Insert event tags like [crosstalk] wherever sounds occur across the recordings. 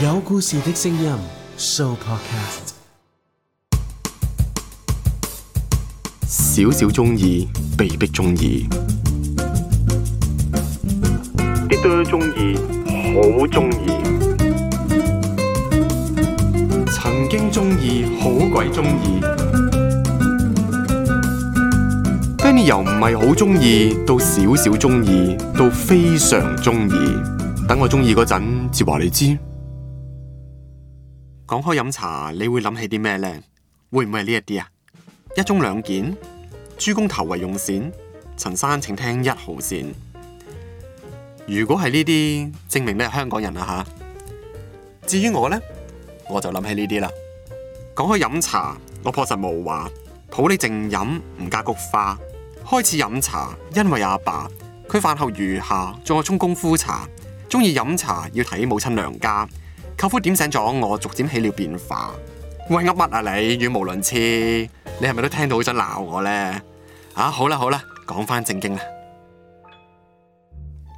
有故事的聲音 show podcast，少少中意，被迫中意，啲都中意，好中意， [music] 曾經中意，好鬼中意，Benny 由唔係好中意，到少少中意，到非常中意， [music] 等我中意嗰陣，至話你知。講開飲茶，你會諗起啲咩呢？會唔會係呢一啲啊？一盅兩件，朱公頭為用膳，陳生請聽一號線。如果係呢啲，證明你係香港人啊。吓。至於我呢，我就諗起呢啲啦。講開飲茶，我樸實無華。普洱淨飲唔加菊花。開始飲茶，因為阿爸，爸，佢飯後餘下仲有沖功夫茶，鍾意飲茶要睇母親娘家。舅父點醒咗我，逐漸起了變化。喂，噏乜啊你語無倫次？你係咪都聽到好想鬧我呢？啊，好啦好啦，講翻正經啦。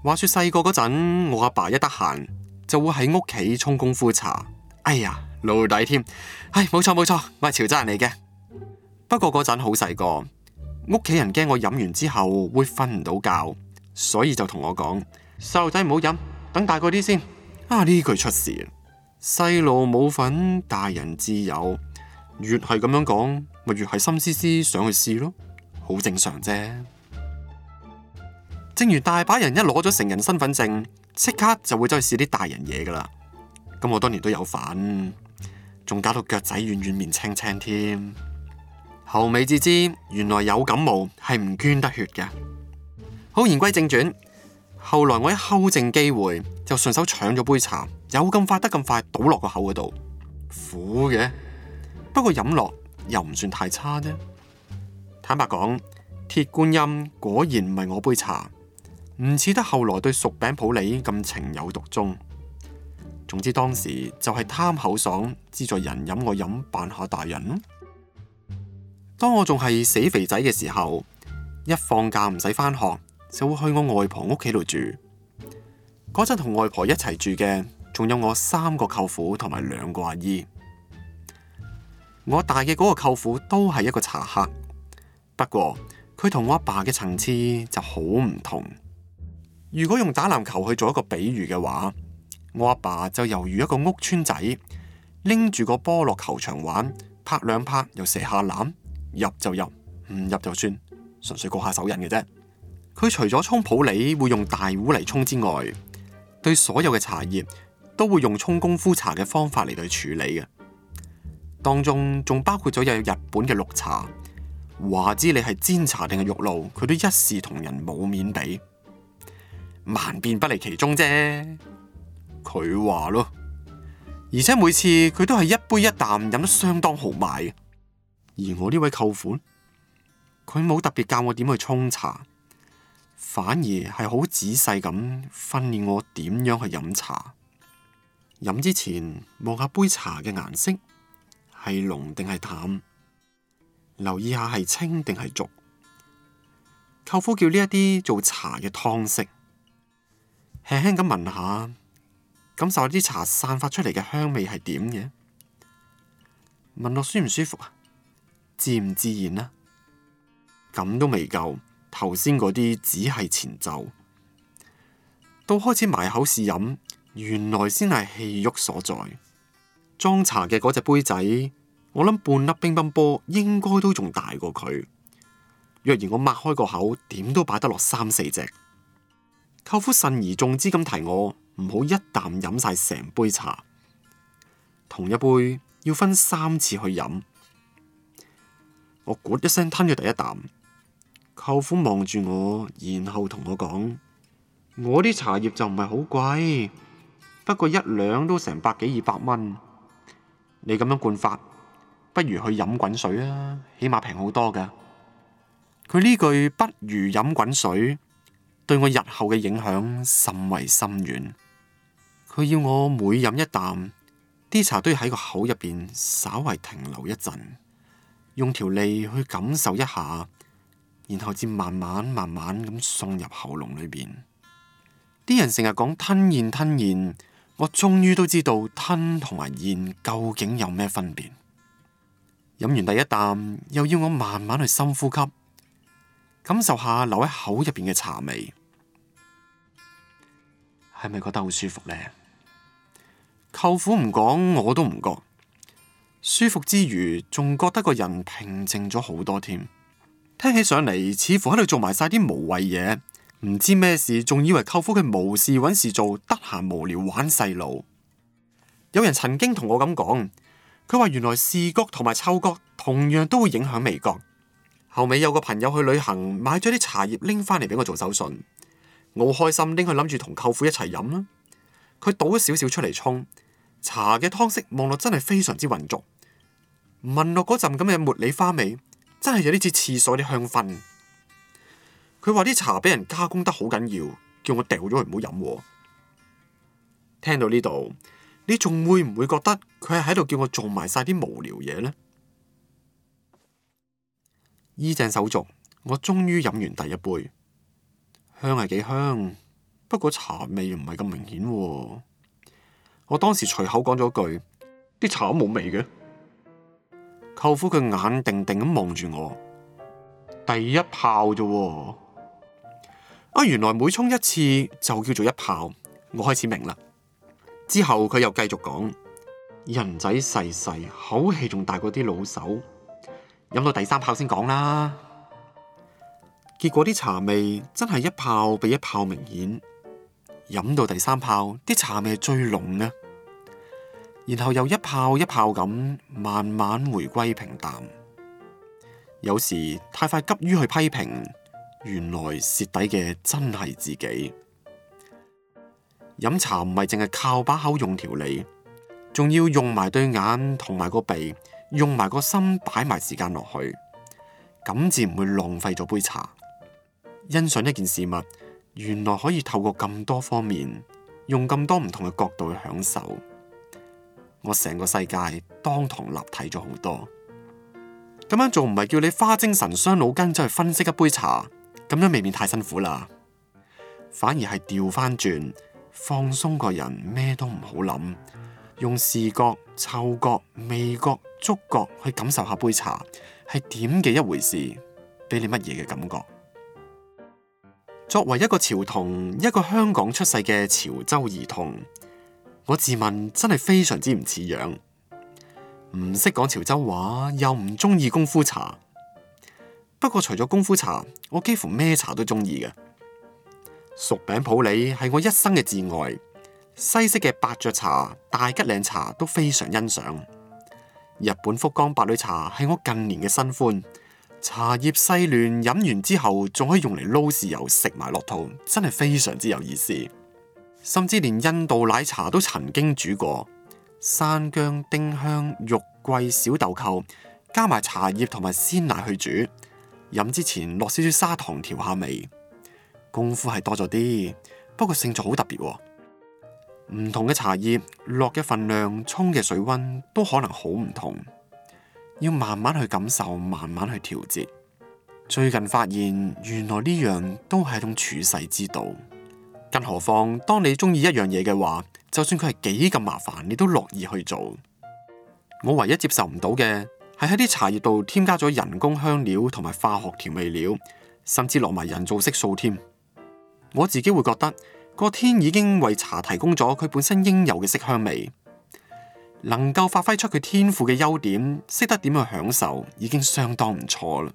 話說細個嗰陣，我阿爸一得閒就會喺屋企沖功夫茶。哎呀，老底添。唉、哎，冇錯冇錯，我係潮州人嚟嘅。不過嗰陣好細個，屋企人驚我飲完之後會瞓唔到覺，所以就同我講：細路仔唔好飲，等大個啲先。啊，呢句出事。細路冇份，大人自有，越係咁樣講，咪越係心思思想去試咯，好正常啫。正如大把人一攞咗成人身份證，即刻就會走去試啲大人嘢噶啦。咁我當年都有份，仲搞到腳仔軟軟面青青添。後尾至知，原來有感冒係唔捐得血嘅。好言歸正傳，言歸正傳。後來我一睺正機會，就順手搶咗杯茶，有咁快得咁快倒落個口嗰度，苦嘅。不過飲落又唔算太差啫。坦白講，鐵觀音果然唔係我杯茶，唔似得後來對熟餅普洱咁情有獨鍾。總之當時就係貪口爽，資助人飲我飲，扮下大人。當我仲係死肥仔嘅時候，一放假唔使返學。就會去我外婆屋企度住嗰陣，同外婆一齊住嘅仲有我三個舅父同埋兩個阿姨。我大嘅嗰個舅父都係一個茶客，不過佢同我阿爸嘅層次就好唔同。如果用打籃球去做一個比喻嘅話，我阿爸就猶如一個屋村仔拎住個波落球場玩，拍兩拍又射下籃，入就入，唔入就算，純粹過下手癮嘅啫。佢除咗沖普洱會用大壺嚟沖之外，對所有嘅茶葉都會用沖功夫茶嘅方法嚟去處理嘅，當中仲包括咗有日本嘅綠茶。話之你係煎茶定係玉露，佢都一視同仁冇面俾，萬變不離其宗啫。佢話咯，而且每次佢都係一杯一啖飲得相當豪邁嘅，而我呢位舅父，佢冇特別教我點去沖茶。反而係好仔細咁訓練我點樣去飲茶，飲之前望下杯茶嘅顏色係濃定係淡，留意下係清定係濁。舅父叫呢一啲做茶嘅湯色，輕輕咁聞下，感受啲茶散發出嚟嘅香味係點嘅，聞落舒唔舒服啊，自唔自然啦，咁都未夠。頭先嗰啲只係前奏，到開始埋口試飲，原來先係氣郁所在。裝茶嘅嗰隻杯仔，我諗半粒乒乓波應該都仲大過佢。若然我擘開個口，點都擺得落三四隻。舅父慎而重之咁提我，唔好一啖飲晒成杯茶，同一杯要分三次去飲。我咕一聲吞咗第一啖。舅父望住我，然後同我講：我啲茶葉就唔係好貴，不過一兩都成百幾二百蚊。你咁樣灌法，不如去飲滾水啊，起碼平好多噶。佢呢句不如飲滾水，對我日後嘅影響甚為深遠。佢要我每飲一啖，啲茶都要喺個口入邊稍為停留一陣，用條脷去感受一下。然後至慢慢慢慢咁送入喉嚨裏邊，啲人成日講吞咽吞咽，我終於都知道吞同埋咽究竟有咩分別。飲完第一啖，又要我慢慢去深呼吸，感受下留喺口入邊嘅茶味，係咪覺得好舒服呢？舅父唔講，我都唔覺。舒服之餘，仲覺得個人平靜咗好多添。聽起上嚟，似乎喺度做埋晒啲無謂嘢，唔知咩事，仲以為舅父佢無事揾事做，得閒無聊玩細路。有人曾經同我咁講，佢話原來視覺同埋嗅覺同樣都會影響味覺。後尾有個朋友去旅行，買咗啲茶葉拎返嚟俾我做手信，我開心拎佢，諗住同舅父一齊飲啦。佢倒咗少少出嚟沖，茶嘅湯色望落真係非常之渾濁。聞落嗰陣咁嘅茉莉花味。真係有啲似廁所啲香薰。佢話啲茶俾人加工得好緊要，叫我掉咗去唔好飲。聽到呢度，你仲會唔會覺得佢係喺度叫我做埋晒啲無聊嘢呢？依正手續，我終於飲完第一杯，香係幾香，不過茶味唔係咁明顯。我當時隨口講咗句：啲茶都冇味嘅。舅父佢眼定定咁望住我，第一泡咋喎！啊，原來每沖一次就叫做一泡。我開始明啦。之後佢又繼續講，人仔細細，口氣仲大過啲老手，飲到第三泡先講啦。結果啲茶味真係一泡比一泡明顯，飲到第三泡啲茶味係最濃啊！然後又一泡一泡咁慢慢回歸平淡。有時太快急於去批評，原來蝕底嘅真係自己。飲茶唔係淨係靠把口用條脷，仲要用埋對眼同埋個鼻，用埋個心擺埋時間落去，咁先唔會浪費咗杯茶。欣賞一件事物，原來可以透過咁多方面，用咁多唔同嘅角度去享受。我成個世界當堂立體咗好多，咁樣做唔係叫你花精神傷腦筋走去分析一杯茶，咁樣未免太辛苦啦。反而係調翻轉，放鬆個人咩都唔好諗，用視覺、嗅覺、味覺、觸覺去感受下杯茶係點嘅一回事，俾你乜嘢嘅感覺？作為一個潮童，一個香港出世嘅潮州兒童。我自問真係非常之唔似樣，唔識講潮州話，又唔中意功夫茶。不過除咗功夫茶，我幾乎咩茶都中意嘅。熟餅普洱係我一生嘅至愛，西式嘅伯爵茶、大吉嶺茶都非常欣賞。日本福岡白女茶係我近年嘅新歡，茶葉細嫩，飲完之後仲可以用嚟撈豉油食埋落肚，真係非常之有意思。甚至連印度奶茶都曾經煮過，山薑、丁香、肉桂、小豆蔻，加埋茶葉同埋鮮奶去煮，飲之前落少少砂糖調下味。功夫係多咗啲，不過性狀好特別喎。唔同嘅茶葉落嘅份量、沖嘅水溫都可能好唔同，要慢慢去感受，慢慢去調節。最近發現，原來呢樣都係一種處世之道。更何況，當你中意一樣嘢嘅話，就算佢係幾咁麻煩，你都樂意去做。我唯一接受唔到嘅係喺啲茶葉度添加咗人工香料同埋化學調味料，甚至落埋人造色素添。我自己會覺得個天已經為茶提供咗佢本身應有嘅色香味，能夠發揮出佢天賦嘅優點，識得點去享受，已經相當唔錯啦。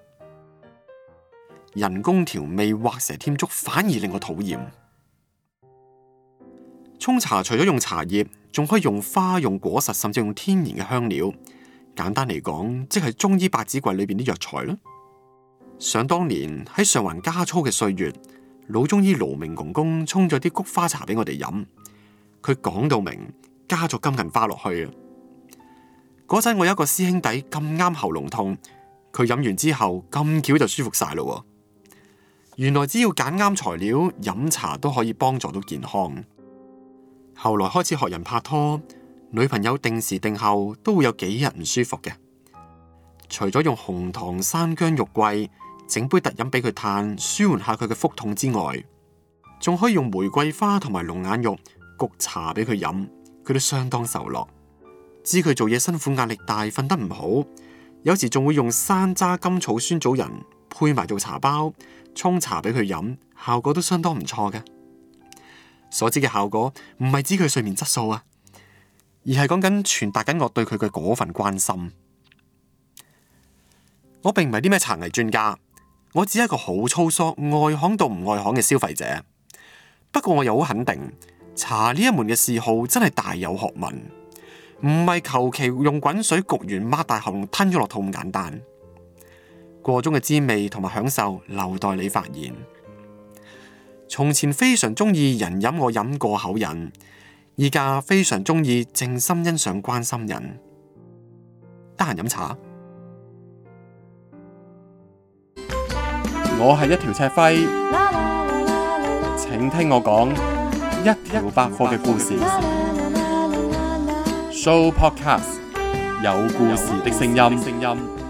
人工調味，畫蛇添足，反而令我討厭。沖茶除咗用茶葉，仲可以用花、用果實，甚至用天然嘅香料。簡單嚟講，即係中醫百子櫃裏邊啲藥材咯。想當年喺上環加粗嘅歲月，老中醫羅明公公沖咗啲菊花茶俾我哋飲，佢講到明加咗金銀花落去啊。嗰陣我有一個師兄弟咁啱喉嚨痛，佢飲完之後咁巧就舒服晒咯。原來只要揀啱材料，飲茶都可以幫助到健康。後來開始學人拍拖，女朋友定時定候都會有幾日唔舒服嘅。除咗用紅糖、山姜、肉桂整杯特飲俾佢嘆，舒緩下佢嘅腹痛之外，仲可以用玫瑰花同埋龍眼肉焗茶俾佢飲，佢都相當受落。知佢做嘢辛苦、壓力大、瞓得唔好，有時仲會用山楂、甘草、酸棗仁配埋做茶包沖茶俾佢飲，效果都相當唔錯嘅。所知嘅效果唔係指佢睡眠質素啊，而係講緊傳達緊我對佢嘅嗰份關心。我並唔係啲咩茶藝專家，我只係一個好粗疏、外行到唔外行嘅消費者。不過我又好肯定，茶呢一門嘅嗜好真係大有學問，唔係求其用滾水焗完，擘大喉嚨吞咗落肚咁簡單。過中嘅滋味同埋享受，留待你發現。從前非常鍾意人飲我飲過口癮，依家非常鍾意靜心欣賞關心人。得閒飲茶。我係一條赤輝，請聽我講一條百貨嘅故事。Show podcast，有故事的聲音。